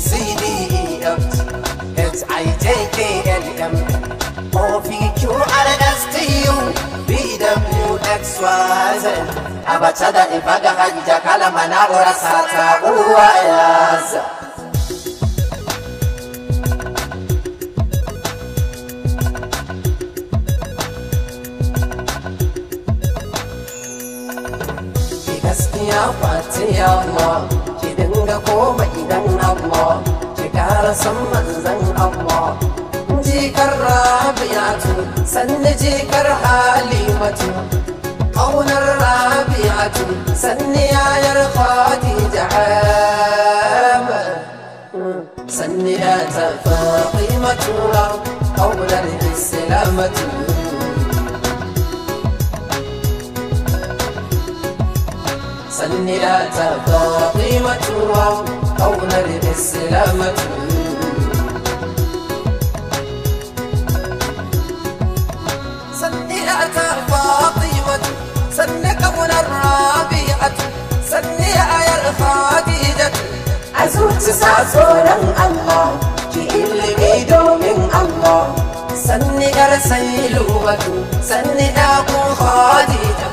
C D E F G H I J K L M O P Q R S T U V W X Y Z abachada ibaga hanja kala managora sata uwayaza gaskiya fati yamma da komai idan Allah shekara san manzan Allah jikar rabi'atu sanni jikar halimatu ƙaunar rabi'atu sanni yayar khadija amma sanni ya tafa qimatu ƙaunar islamatu سن لا تبقى قيمتها قولا للسلامة سن لا تبقى قيمة سن قولا رابعة سن يا الخديجة أزوت ساسولا الله ki ilimi domin Allah sanni yar sai lubatu sanni da ku khadija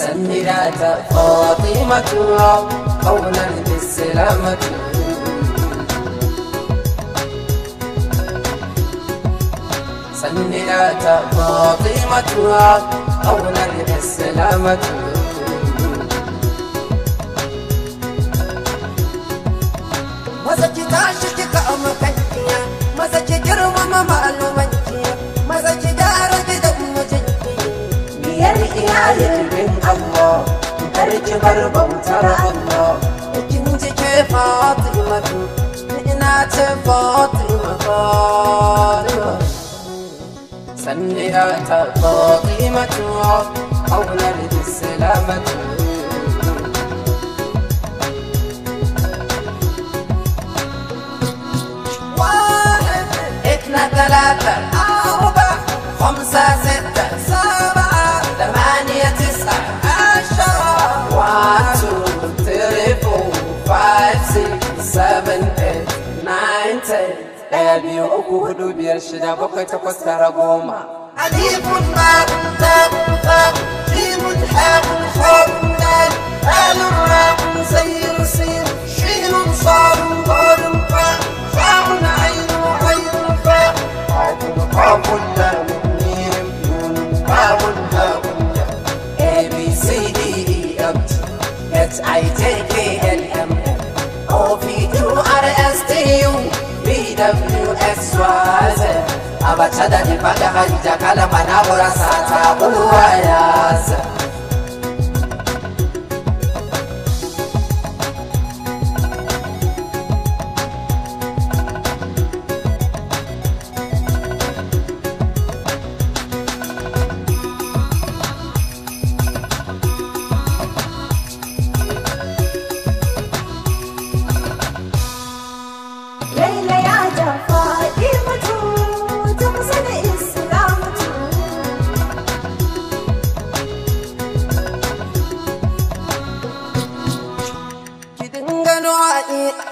سن لا فاطمة قولا بالسلامة سن لا فاطمة قولا بالسلامة الله أرجي غربم ترى الله جنتك فاطمة بنات فاطمة سنيات فاطمة أو نرد السلامة واحد اثنى ثلاثة sabon ɗin nine ten ɗaya biyu uku hudu biyar shida bakwai takwas tara goma. أليف ماء داء فاء جيم حاء خاء دال آل راء زين سين شين صاد ضاد فاء فاء عين عين فاء عاد قاف لام ميم نون قاف هاء A B C D E F H I J K mace da ifada hajja kalmar na burasa ta bulwa ya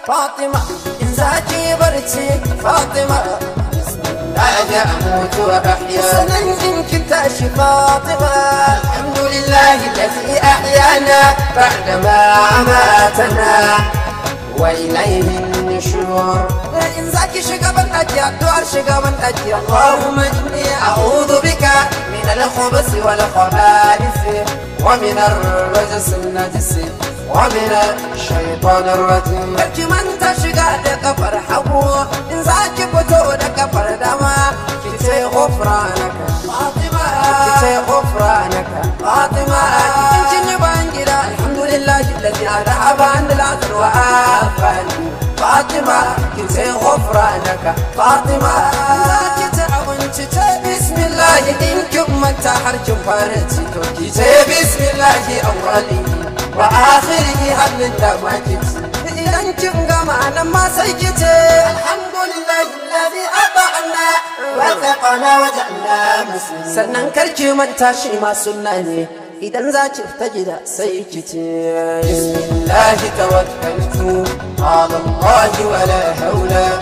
فاطمة إن زاكي برتي فاطمة أنا أموت وأحيا سنن إن كنت أشي فاطمة الحمد لله الذي أحيانا بعدما ماتنا وإليه النشور إن زاكي شقبن أجي الدوار شقبن اللهم إني أعوذ بك من الخبث والخبائث ومن الرجس النجس ومن الشيطان الرجيم barki manta shiga da kafar hagu in za ki fito da kafar dama ki ce naka. fatima ki ce naka. fatima kin cinye ban gida alhamdulillah alladhi adaba an al-azr wa afani fatima ki ce naka. fatima za ki ta abinci ce bismillah in kin manta har kin fara ci to ki ce bismillah awwalin wa akhirihi halin da baki idan kin gama nan ma sai ki ce alhamdulillahi alladhi ata'ana wa taqana wa ja'alna muslimin sannan karki manta shi ma sunna ne idan za ki fita gida sai ki ce bismillahi tawakkaltu ala allahi wa la hawla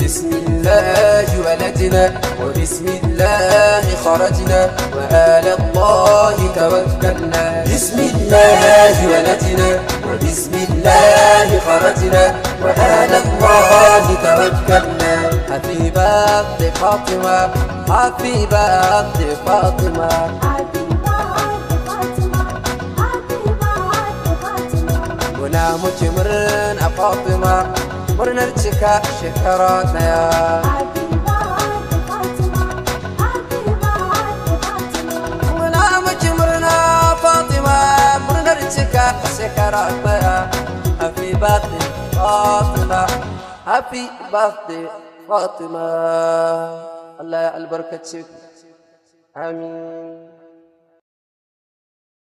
بسم الله ولدنا وبسم الله خرجنا وآل الله توكلنا بسم الله ولدنا وبسم الله خرجنا وآل الله توكلنا حفي حبيبة فاطمة حفي باب فاطمة ونامك مرن فاطمة murnarcika shekara daya cika shekara daya happy birthday fatima happy birthday fatima allah ya albarkace ku amin